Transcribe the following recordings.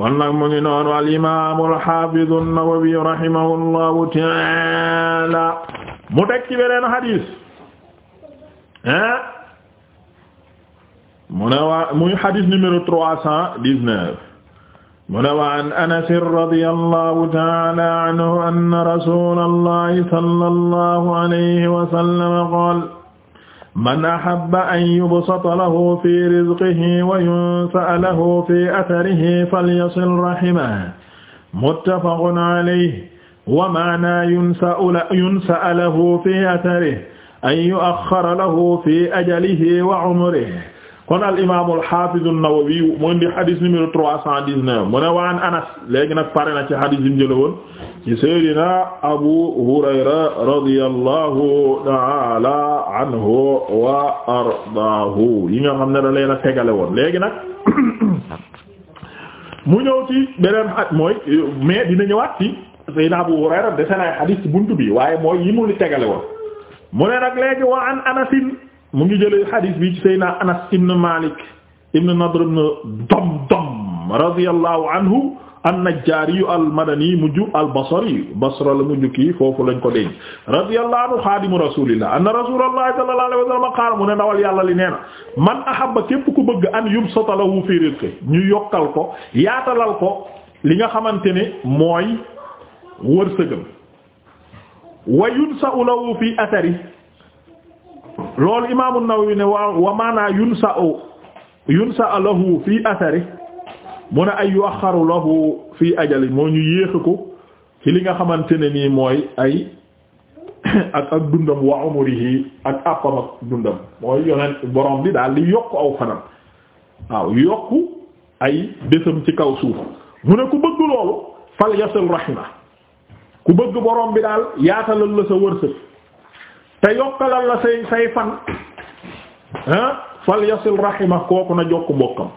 kon nag mu ngi noonu al imaamu al xaafidu an-Nawawi rahimahullahu taala mu teg ci beneen xadiis ah mu ne waa muy xadis numéro trois cent dix-neuf mu ne waa an Anas radiyallahu ta'ala anhu anna rasulallahi sallallahu alayhi wa sallam qaala man ahabba an yubsata lahu fi rizqihi wa yunsa'a lahu fi atharihi falyasil rahimahu muttafaqun alayhi wa ma'na yunsa'a lahu fi atharihi an yu'akhkhara lahu fi ajalihi wa umrihi kon al imaam al haafiz an-Nawawi mu indi hadith numéro 319 mu ne waan Anas léegi nag pare na ci hadith bi mu jëlee woon ci seydina abu hurayra radiyallahu taala anhu wa ardaahu yi nga xam ne da leen a tegale woon léegi nag mu ñëw ci beneen xaj mooy mais dina ñëwaat ci seydina abu hurayra dese naay xadiis buntu bi waaye mooy yi mu li tegale mu ne nag wa an anasin mu ngi jëlee xadiis bi ci seydina anas ibn malik ibn nadr ibn damdam radiyallahu anhu an na al-Madani mujj al-Basri Basra la mujj foofu lañ ko denc radiyallahu xaadimu rasulillah anna rasulallahi sallallahu ne ndawal yàlla li nee na man ahabba képp ku bëgg an yubsata lahu fi rizqi ñu yokkal ko yaatalal ko li nga xamante ne mooy wërsëgam wa yunsa'u lahu fi athari loolu imaamu Nawawi ne wa maana yunsa'u yunsa'u lahu fi athari mu ne ay yu axaru lahu fii ajali moo ñu yéex ko ci li nga xamante ne nii mooy ay ak ak dundam wa umrihi ak àppam ak dundam mooy yonent borom bi daal di yokk aw fanam waaw yokk ay bésam ci kaw suuf mu ne ku bëgg loolu fal yasil rahima ku bëgg borom bi daal yaatalal la sa wërsëg te yokkalal la say say fan ah fal yasil rahima kooku na jokk mbokkam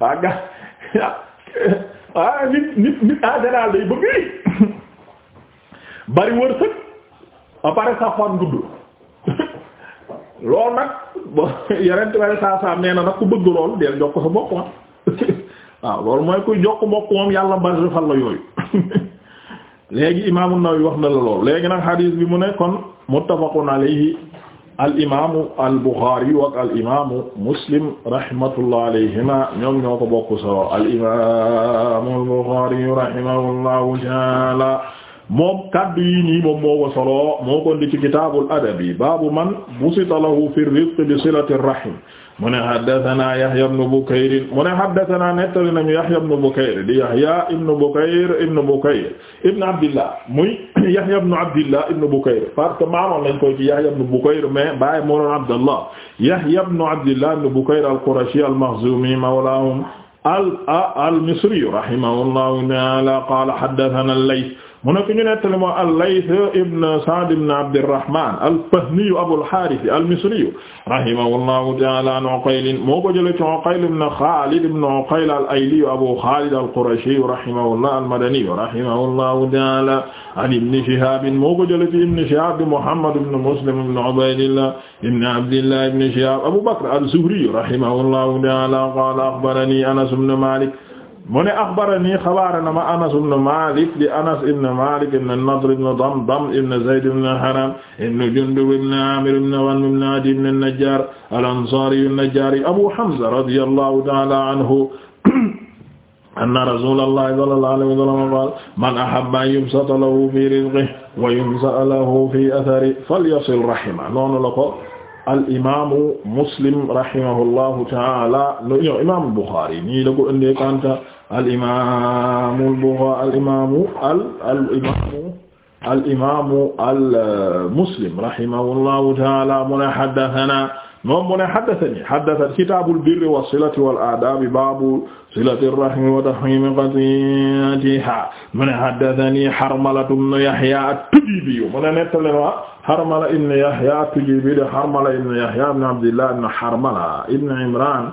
ah ga ah nit nit nit en général day bëgg bari wërsëg ba pare sax fan gudd loolu nag bon yeneen tubaab yi saa saa nag ku bëgg loolu del jox sa bopp ah. waaw loolu mooy kuy jox ko bopp yàlla bari defal la yooyu léegi Imaam An-Nawawi wax na la lool léegi nag hadith bi mu ne kon muttafaqun alayhi al imaamu al buxaari wa al imaamu muslim rahmatullah alayhima ñoom ñoo ko bokk solo al imaamu al buxaari rahimahullahu taala moom kaddu yi nii moom moo ko solo moo ko indi ci kitaabul adabi baabu man busita lahu fi rizq bi silati rahim mu ne haddathana Yahya ibn Bukayr mu ne haddathana nettali nañu Yahya ibn Bukayr di Yahya ibn Bukayr ibn Bukayr ibn Abdillah muy Yahya ibn Abdillah ibn Bukayr parce que maamoon lañ koy ci Yahya ibn Bukayr mais baay moo doon Abdallah Yahya ibn Abdillah ibn Bukayr al-Qurashi al-Makhzumi mawlaahum al-Misri rahimahullahu ta'ala qala haddathana al-Layth mu ne ku ñu nettali moo al-Layth ibn Sa'd ibn Abdirrahman al-Fahmi Abul-Harith al-Misri rahimahullahu ta'ala an Uqayl moo ko jëlee ci Uqayl ibn Khalid ibn Uqayl al-Ayli Abu Khalid al-Qurashi rahimahullah al-Madani rahimahullahu ta'ala an Ibn Shihab moo ko jëlee ci Ibn Shihab Muhammad ibn Muslim ibn Ubaydillah ibn Abdillah ibn Shihab Abu Bakr al-Zuhri rahimahullahu ta'ala qala akhbarani Anas ibn Malik mu ne axbarani xabaara na ma anas ibn malik di anas ibn malik ibn nadr ibn damdam ibn zayd ibn haram ibn jundub ibn amir ibn wanm ibn adi ibn najjar al ansari najjari abu hamza radiyallahu ta'ala anhu anna rasulallahi sallallahu alayhi wa sallam qaala man ahabba yubsata lahu fi rizqihi wa yunsa'a lahu fi atharihi falyasil rahimahu noonu la ko al imaamu muslim rahimahullahu ta'ala no imaamu Buxaari nii la ko indee kanta al imaamu al Buxaari al imaamu al al imaamu al imaamu al uh, Muslim rahimahullahu ta'aala mu ne haddasanaa moom mu ne haddasanii haddasanii kitaabul birri was-silati wal aadaabi baabu silati rahmi wa tahriimi qati'atihaa mu ne haddasanii Harmala ibn Yahyaa at-Tujiibi mu ne nettali ma Harmala ibn Yahyaa at-Tujiibi de Harmala ibn Yahyaa ibn Abdillah ibn Harmala ibn Imraan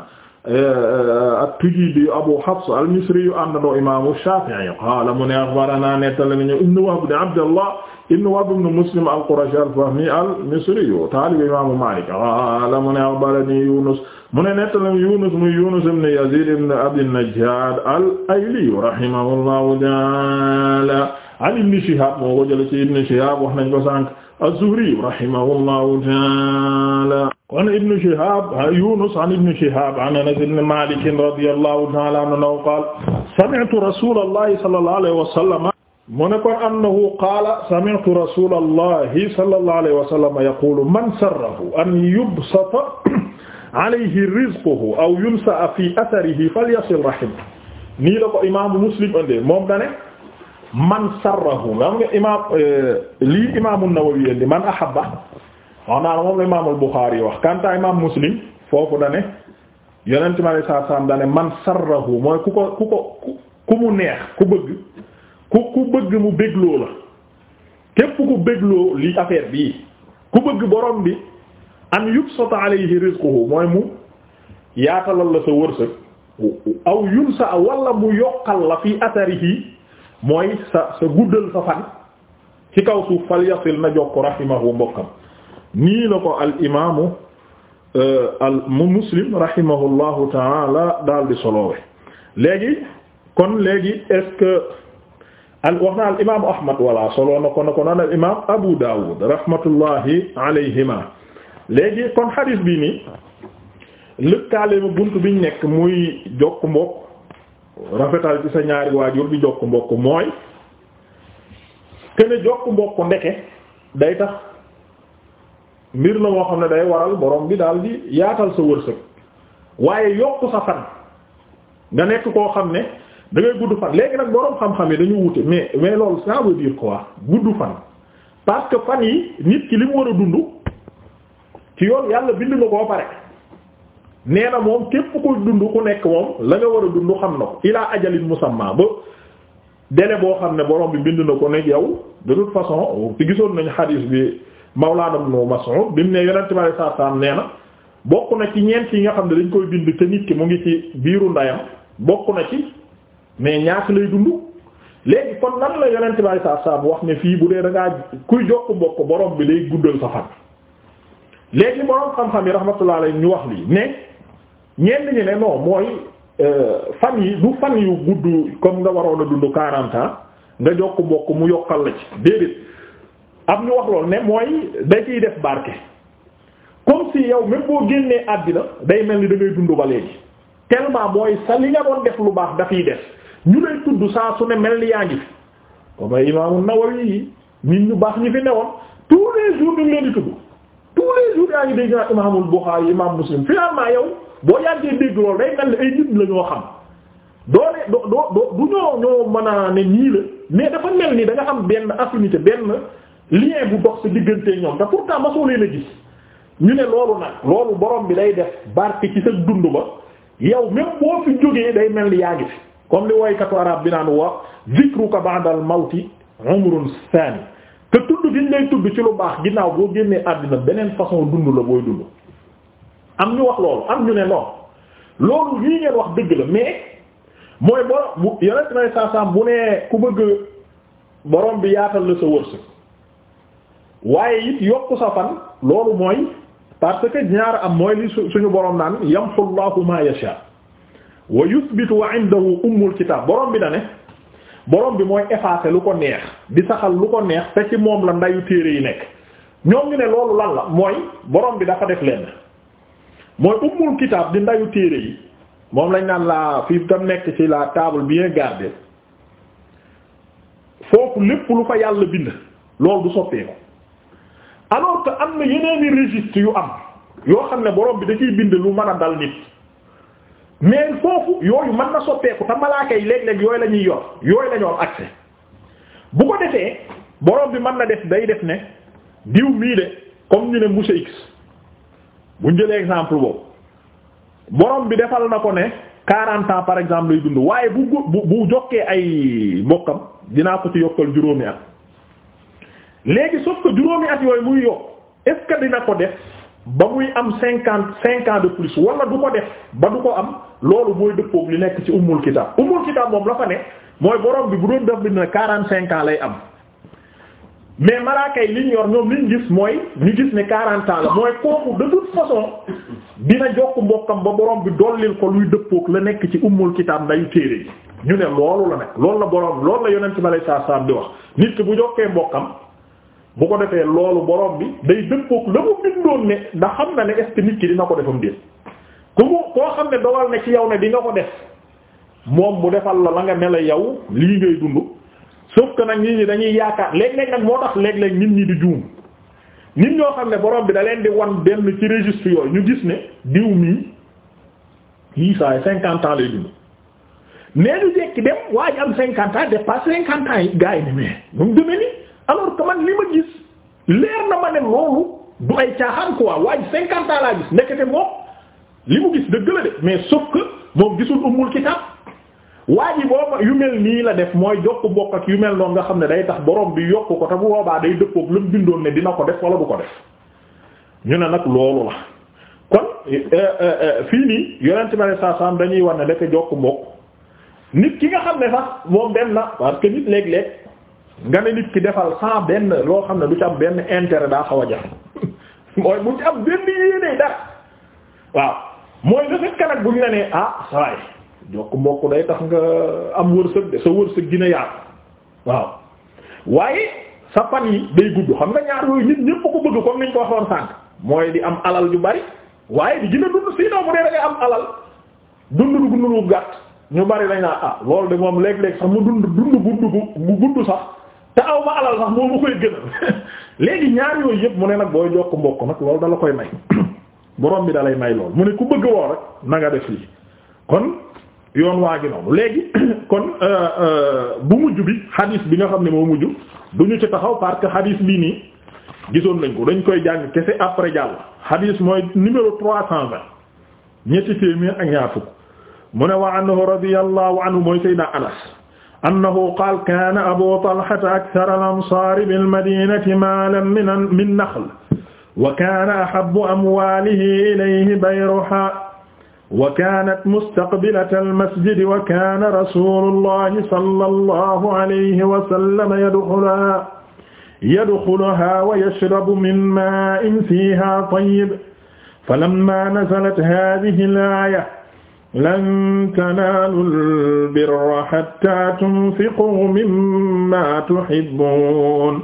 Eh, eh, at-Tujiibi Abu Hafs al-Misri yu àndandoo imaamu Shaafi'i qaala mu ne axbaranaa nettali nañu ibn Wahb Abdallah ibn Wahb ibn Muslim al-Qurashi al-Fahmi al-Misri yu taalibu imaamu Maalik qaala mu ne axbaranii Yuunus mu ne nettali Yuunus muy Yuunus ibn Yaziid ibn Abi Najjaad al-Ayli rahimahullahu ta'aala an Ibn Shihaab moo ko jëlee ci Ibn Shihaab wax nañ ko sànq az-Zuhri rahimahullahu ta'aala kon ibnu Shihab Yunus an ibnu Shihab an Anas ibn Malik radiyallahu ta'ala anhu qala sami'tu rasulallahi sallallahu alayhi wa sallam mu ne kon annahu qaala sami'tu rasulallahi sallallahu alayhi wa sallam yaqulu man sarrahu an yubsata alayhi rizquhu aw yunsa'a fi atharihi falyasil rahimahu nii la ko imaamu Muslim ande moom dane man sarrahu nga xam nga imaam eh, lii imaamu Nawawi ande man ahabba wax naa la moom la imaam al-Bukhari wax kanta imaam Muslim foofu dane yonent mi alayhi salaatu salaam dane man sarrahu mooy ku ko ku ko ku mu neex ku bëgg ku ku bëgg mu bégloo la képp ku bégloo li affaire bii ku bëgg borom bi an yubsata alayhi rizquhu mooy mu yaatalal la sa wërsëg aw yunsa wala mu yokkal la fi atharihi mooy sa sa guddal sa fan ci kaw suuf fal yasil na jokk rahimahu mbokkam nii la ko al imaamu euh, al mu muslim rahimahullahu taala daal di soloowe léegi kon léegi est wax na al imaamu Ahmad wala soloo na ko na ko naan al imaam Abu Dawud rahmatullahi alayhima léegi kon xadis bi nii lëkkaale bunt biñ nekk muy jokk mbokk rafetal ci sa ñaari waajur di jokk mbokk mooy kene jokk mbokk ndeke day tax mbir la moo xam ne day waral borom bi daal di yaatal sa wërsëg waaye yokk sa fan nga nekk koo xam ne da ngay gudd fan léegi nag boroom xam-xam yi dañu wute mais mais loolu ça veut dire quoi gudd fan parce que fan yi nit ki li mu war a dund ci yoon yàlla bind na koo pare nee na moom képp ko dund ku nekk moom la nga war a dund xam na ko ilaa ajalin musamma ba délai boo xam ne boroom bi bind na ko nekk yow de toute façon ci gisoon nañ xadiis bi Mawlaana Ibnu Mas'ud bi mu ne yonent bi alayhi salaam nee na bokk na ci ñeent yi nga xam ne dañ koy bind te nit ki mu ngi ci biiru ndayam bokk na ci mais ñaata lay dund léegi kon nan la yonent bi alayhi salaam wax ne fii bu dee dangaa ngaa kuy jokk mbokk borom bi lay guddal sa fan. léegi borom xam-xam yi rahmatullahi ñu wax lii ne ñenn ñi ne non mooy euh, fan yi du fan yu gudd comme nga waroon a dund 40 ans nga jokk mbokk mu yokkal la ci déedéet. am ñu wax loolu ne mooy da ciy def barke comme si yow même boo génnee àddina day mel ni da ngay tellement mooy sa li nga def lu baax dafiy def ñu lay tudd saa su ne mel ni yaa ngi fi comme Imaamu Nawawi yi nit ñu baax ñi fi newoon tous les jours ñu di tudd tous ngi dégg naa Imaamul Bukhari Imaam Muslim finalement yow boo yàggee dégg loolu la ñoo xam doo ne doo doo mën a ne mais dafa mel ni da am benn affinité benn. lien bu dox sa diggante ñoom te pourtant masoo leen a gis ñu ne loolu nag loolu borom bi day def barke ci sa dund ba yow même boo fi jógee day mel ni yaa ngi fi comme li woykatu arab bi naan wax zikruka ba'dal mawti umrun sani te tudd gi ñu lay tudd ci lu baax ginnaaw boo génnee àddina beneen façon dund la booy dund am ñu wax loolu am ñu ne non loolu lii ngeen wax dëgg la mais mooy borom bu yonent nay saa saa bu ne ku bëgg borom bi yaatal la sa wërsëg waaye it yokk sa fan loolu mooy parce que ñaar am mooy li suñu borom naan yamhu Allahu ma yasha wa yuthbitu wa indahu ummul kitab borom bi na ne borom bi mooy effacer lu ko neex di saxal lu ko neex te ci moom la ndayu téere yi nekk ñoo ñu ne loolu lan la mooy borom bi dafa def lenn mooy ummul kitab di ndayu téere yi moom lañ naan la fii tam nekk ci la table bien gardée foofu lépp lu fa yàlla bind loolu du soppeeku. alors que am na yeneeni registre yu am yoo xam ne boroom bi da bind lu mën a dal nit mais foofu yooyu mën na soppeeku te malaaka yi léeg-léeg yooyu la ñuy yor yooyu la am accès bu ko defee borom bi mën na def day def ne diw mii de comme ñu ne monsieur X bu ñu exemple boobu borom bi defal na ko ne quarante ans par exemple lay dund waaye bu bu bu jokkee ay mbokkam dinaa ko ci yokkal juróomi at. léegi sauf que juróomi at yooyu muy yokk est-ce dina ko def ba muy am cinquante cinq ans de plus wala du ko def ba du ko am loolu mooy dëppoog li nekk ci umul kitaab umul kitaab moom la fa ne mooy borom bi bu doon def bi na quarante cinq lay am mais malaaka yi liñ yor ñoom liñ gis mooy ñu gis ne quarante ans la mooy kooku de toute façon dina jokk mbokkam ba borom bi dollil ko luy dëppoog la nekk ci umul kitaab ndayu téere yi ñu ne loolu la nag loolu la borom loolu la yonent bi sallallahu alayhi wasallam di wax nit ki bu jokkee mbokkam bu ko defee loolu boroom bi day dëppook la mu ne ndax xam na ne est ki dina ko defam déet ku mu koo xam ne dogal ne ci yow ne di nga ko def moom mu defal la la nga ne la yow lii ngay dund sauf que nag nit ñi dañuy yaakaar léeg-léeg nag moo tax léeg-léeg nit ñi di juum nit ñoo xam ne borom bi da leen di wan benn ci registre yooyu ñu gis ne diw mii lii saa cinquante ans lay dund mais du jekki dem waa ji am cinquante ans dépasse cinquante ans yi alors que man li ma gis leer na ma ne loolu du ay caaxaan quoi waaye cinquante ans laa gis nekkate moom li mu gis dëgg la de mais sauf que moom gisul umul kitab waa ji booba yu mel nii la def mooy jokk bokk ak yu mel noonu nga xam ne day tax borom bi yokk ko te bu boobaa day dëppook lu mu bindoon ne dina ko def wala du ko def ñu ne nag loolu la kon eh, eh, eh, fii nii yonent bi sallallahu alayhi dañuy war ne dafa jokk mbokk nit ki nga xam ne sax moom dem na parce nga ne nit ki defal sans benn loo xam ne du ci benn intere daa xaw a jax mooy bu ci am benn yéene dara waaw mooy le fait que bu ñu la nee ah saa yi jokk mbokk day tax nga am wërsëg de sa wërsëg dina yaatu waaw waaye sa fan yi day gudd xam nga ñaar yooyu nit ñépp ko bëgg comme niñ ko waxoon sànq mooy di am alal ju bari waaye di gën a dund sinon bu dee da am alal dund dund lu gàtt ñu bari dañ naa ah loolu de moom léeg-léeg sax mu dund dund gudd gu sax. te aw ma alal sax moom mu koy gënal léegi ñaar yooyu yëpp mu ne nag booy jokk mbokk nag loolu dala koy may boroom bi dalay may lool mu ne ku bëgg woo rek na def lii kon yoon waa gi noonu léegi kon euh, euh, bu mujj bi xadiis bi nga xam ne moo mujj du ñu ci taxaw parce que xadiis bii nii gisoon nañ ko dañ koy jàng kese après jàll xadiis mooy numéro trois cent vingt ñetti téeméer ak ñaar fukk mu ne wa anhu radiyallahu anhu mooy Seydina Anas annahu qaala kaana abu talhata akthara al-ansaari bil-madiinati maalan min naxl wa kaana ahabbu amwaalihi ilayhi bayruhaa wa kaanat mustaqbilata al-masjidi wa kaana rasuulullaahi sallallaahu alayhi wa sallam yadxuluhaa yadxuluhaa wa yashrabu min maa'in fiihaa tayyib falammaa nazalat haadihi al-aaya lan tanaalul birra hattaa tunfiquu mimmaa tuhibbuun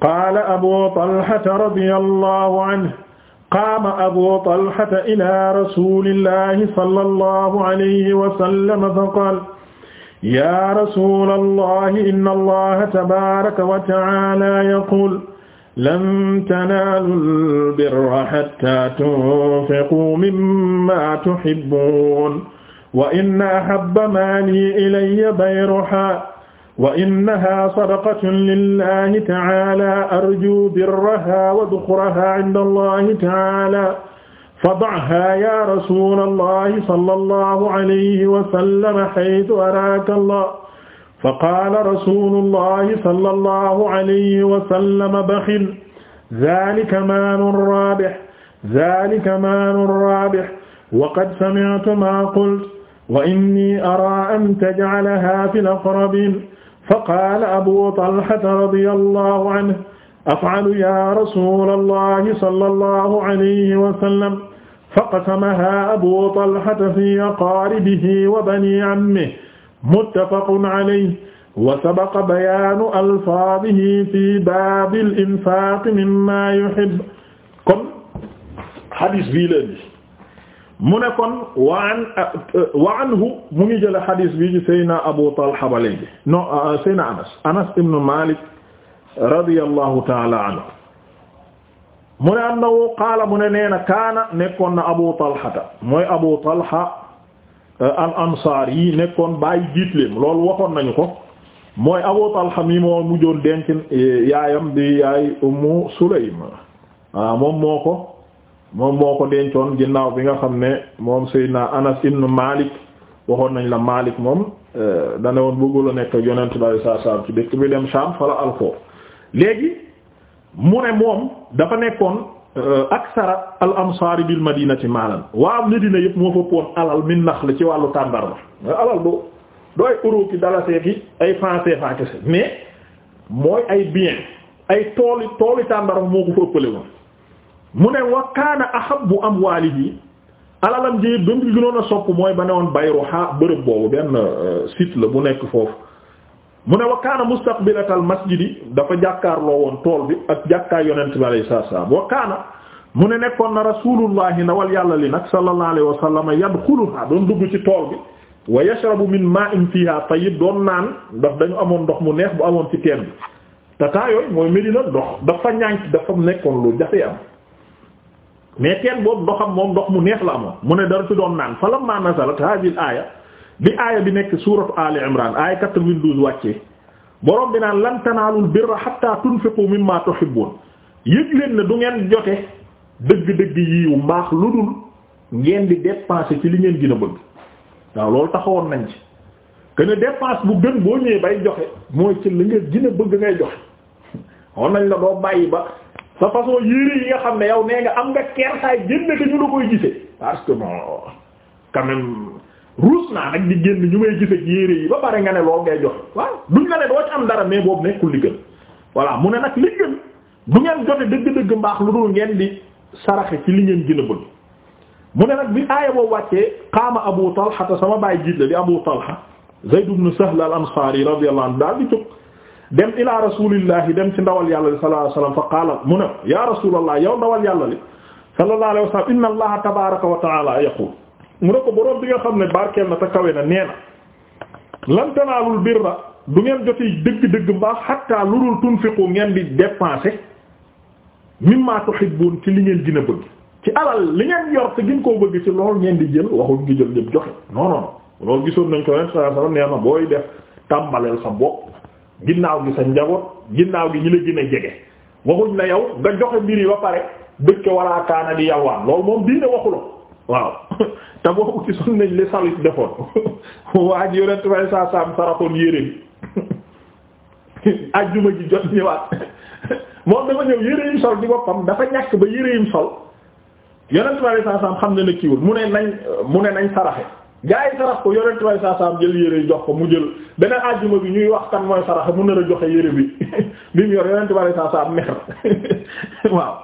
qaala abuu talhata radiyallaahu anhu qaama abuu talhata ilaa rasuulillaahi sallallaahu alayhi wa sallam faqaala yaa rasuulallaahi inna allaaha tabaaraka wa ta'aalaa yaquulu lan tanaalul birra hattaa tunfiquu mimmaa tuhibbuun wa inna ahabba maalii ilayya bayruhaa wa innahaa sadaqatun lillaahi ta'aalaa arjuu birrahaa wa duxurahaa inda allaahi ta'aalaa fada'haa yaa rasuulallaahi sallallaahu alayhi wa sallam haysu araaka allaah faqaala rasuulullahi sallallahu alayhi wa sallam baxil zaalika maalun raabih zaalika maalun raabih wa qad sami'tu maa qulta wa innii araa an taj'alahaa fil aqrabiin faqaala abuu talhata radiyallaahu anhu af'alu yaa rasuulallahi sallallahu alayhi wa sallam faqasamahaa abuu talhata fii aqaaribihi wa banii ammihi muttafaqun alayhi wa sabaqa bayaanu alfaadihi fi baabil infaaqi mimmaa yuhibb kon hadis bii la indi mu ne kon wa an wa anhu mu ngi jëlee hadis bii ci Seyna Abu Talha ba léegi non Seyna Anas Anas ibn Malik radiyallahu ta'ala anhu mu ne annahu qaala mu ne nee na kaana nekkoon na Abu Talha mooy Abu Talha. Euh, al ansaar yi nekkoon bàyyi jiitleem loolu waxoon nañu ko mooy Abu Talha mi moo mujjoon denc eh, yaayam bi yaay Ummu Sulaym waaw ah, moom moo ko moom moo ko dencoon ginnaaw bi nga xam ne moom Seydina Anas ibn Malik waxoon nañ la Malik moom eh, dane woon bëggul nekk yonent bari saa saam ci dëkk bi dem Sham fala alko léegi mu ne moom dafa nekkoon Euh, aksara al ansaari bil madinati maalan waaw Medina yëpp moo fëpp alal min nax la ci wàllu tàndarma alal doo dooy euro ki dalasee ki ay français fa kese mais mooy ay bien ay tooli tooli tàndarma moo ko fa ëppale woon mu ne wa kaana ahabbu amwaalihi alalam ji ba mu gënoon a sopp mooy ba ne woon bayruha bërëb boobu benn euh, sit la bu nekk foofu mu ne wa kaana mustaqbilatal masjidi dafa jàkkaarloo woon tool bi ak jàkkaay yonent bi alayhi salaam wa kaana mu ne nekkoon na rasulullahi nawal yàlla li nag sallallahu alayhi wa sallam yadxuluha doon dugg ci tool bi wa yashrabu min ma'in fiha tayyib doon naan ndax dañu amoon ndox mu neex bu amoon ci teen bi te temps yooyu mooy Medina ndox dafa ñànk dafa nekkoon lu jafe am mais teen boobu ndoxam moom ndox mu neex la amoon mu ne dara ci doon naan falamma nazalat hadhihi bi aaya bi nekk suuratu Ali Imran aaya 92 wàccee borom bi naan lan tanaalul birra hatta tunfiqu mimma tuhibbun yëg leen ne du ngeen jote dëgg-dëgg yiiw mbaax lu dul ngeen di dépenser ci li ngeen gën a bëgg waaw loolu taxawoon nañ ci que ne dépense bu gën boo ñëwee bay joxe mooy ci li nga gën bëgg ngay joxe woon nañ la doo bàyyi ba sa façon yére yi nga xam ne yow nee nga am nga kersaay jënd te ñu la koy gisee parce que bon ruus naa nag di génn ñu may gis ak yére yi ba pare nga ne lool ngay joxe waaw duñ la ne doo ci am dara mais boobu nekkul li gën mu ne nag li gën du ngeen jote dëgg-dëgg mbaax lu dul ngeen di saraxe ci li ngeen gën a bëgg mu ne nag bi aaya boobu wàccee qaama Abu Talha te sama baay jiit la di Abu Talha Zayd ibn Sahl al-Ansari radiyallahu anhu daal di jóg dem ila rasulillahi dem ci ndawal yàlla li sallallahu alayhi qaala mu ne ya rasulallah yow ndawal yàlla li sallallahu alayhi wasallam inna allaha mu ne ko borom bi nga xam ne barkeel na te kawe na nee na lan biir birra du ngeen joti dëgg-dëgg mbaax hatta lu dul tunfiqu ngeen di dépenser mimma tuhibbun ci li ngeen gën a bëgg ci alal li ngeen yor te gën koo bëgg ci lool ngeen di jël waxuñ ngi jël ñëpp joxe non non non loolu gisoon nañ ko rek saa saa nee na booy def tàmbaleel sa bopp ginnaaw gi sa njaboot ginnaaw gi ñi la gën jege waxuñ na yow nga joxe mbir yi ba pare dëkk waraakaana di yalwaan loolu moom waaw te boobu gisoon nañ li salit defoon waa ji yonent fay saa saam saraxoon yére bi ajjuma ji jot ñëwaat moom dafa ñëw yére yim sol di boppam dafa ñàkk ba yére yim sol yonent fay saa saam xam ne na kiiwul mu ne nañ mu ne nañ saraxe gaa yi sarax ko yonent way saasaam jël yére jox ko mu jël beneen àjjuma bi ñuy wax kan mooy sarax mu nar a joxe yére bi bi mu yor yonent way saasaam mer waaw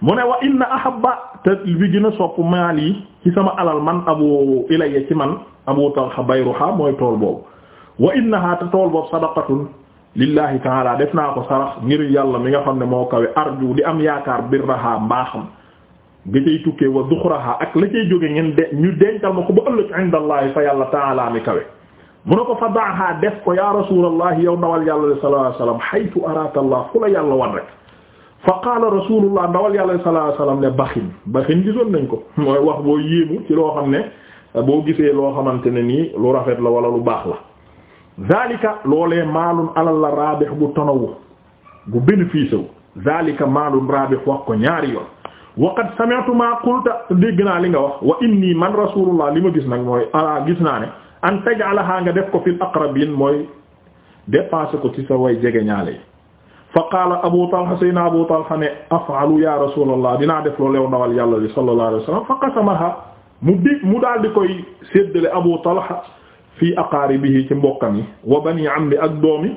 mu ne wa inna ahabba te bi gën a sopp maal yi ci sama alal man abu ilayya ci man abu bayru bayruha mooy tool boobu wa innaha te tool boobu sadaqatun lillahi taala def naa ko sarax ngir yàlla mi nga xam ne moo kawe arju di am yaakaar birraha mbaaxam nga cay tukkee wa duxuraha ak la cay jóge ngeen de ñu dencal ma ko ba ëllëg indallahi fa yàlla taala mi kawe mu ne ko fa daaha def ko ya rasulullah yow ndawal yàlla sallallahu alayhi wasallam haytu arata allah fu la yàlla wan rek fa qaala rasulullah ndawal yàlla sallallahu alayhi wasallam ne baxin baxin gisoon nañ ko mooy wax boo yéemu ci loo xam ne boo gisee loo xamante ne nii lu rafet la wala lu baax la zalika loolee maalun alal la raabih bu tonawu bu bénéfice wu zalika maalun raabih wax ko ñaari yoon wa qad sami'tu ma qulta dégg naa li nga wax wa inni man rasulullah li ma gis nag mooy ala ah, gis naa ne an taj'alaha nga def ko fil aqrabin mooy dépassé ko ci sa way jege ñaale yi fa qaala abu talha sayna abu talha ne af'alu ya rasulullah dinaa def loolu yow ndawal yàlla li sallallahu alayhi wasallam fa mu di mu daal di koy séddale abu talha fii aqaribihi ci mbokkam yi wa bani ammi ak doomi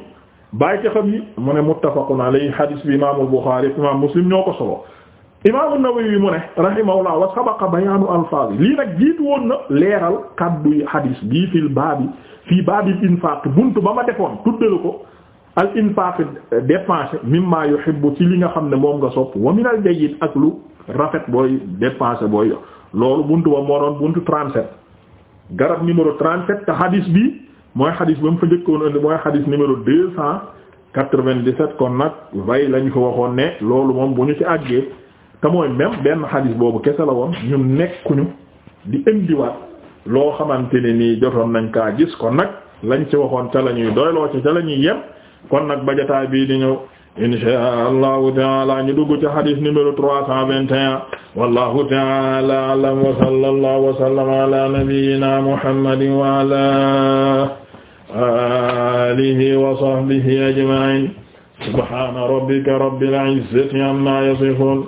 bàyyi ci xam yi mu ne muttafaqun alayhi hadis bi imam al-bukhari ko imaamu An-Nawawi mu ne rahimahullah wa sabaqa bayaanu alfaaz lii nag jiitu woon na leeral kaddu hadis bii fil baabi fii baabil infaaq bunt ba ma defoon tuddalu ko al infaaq dépenser mimma yuhibbu ci li nga xam ne moom nga sopp wa minal jayyid ak lu rafet booy dépenser booy yor loolu bunt ba moo doon buntu 37. garab numéro 37 te hadis bi mooy hadis ba mu fa njëkkoon indi mooy hadis numéro 297 kon nag way lañu fa waxoon ne loolu moom bu ñu ci àggee. te mooy même benn xadis boobu kese la woon ñu nekkuñu di indiwaat loo xamante ne nii jotoon nañ kaa gis kon nag lañ ci waxoon ca la ñuy doyloo ci ca la ñuy yem kon nag ba jotaay bii di ñëw insha allahu taala ñu dugg ci xadis numéro trois cent vingt et un wallahu taala alam wa sallallahu wa sallama ala nabiyyina muhammadin wa ala alihi wa sahbihi ajma'in subhana rabbika rabbil izzati amma yasifun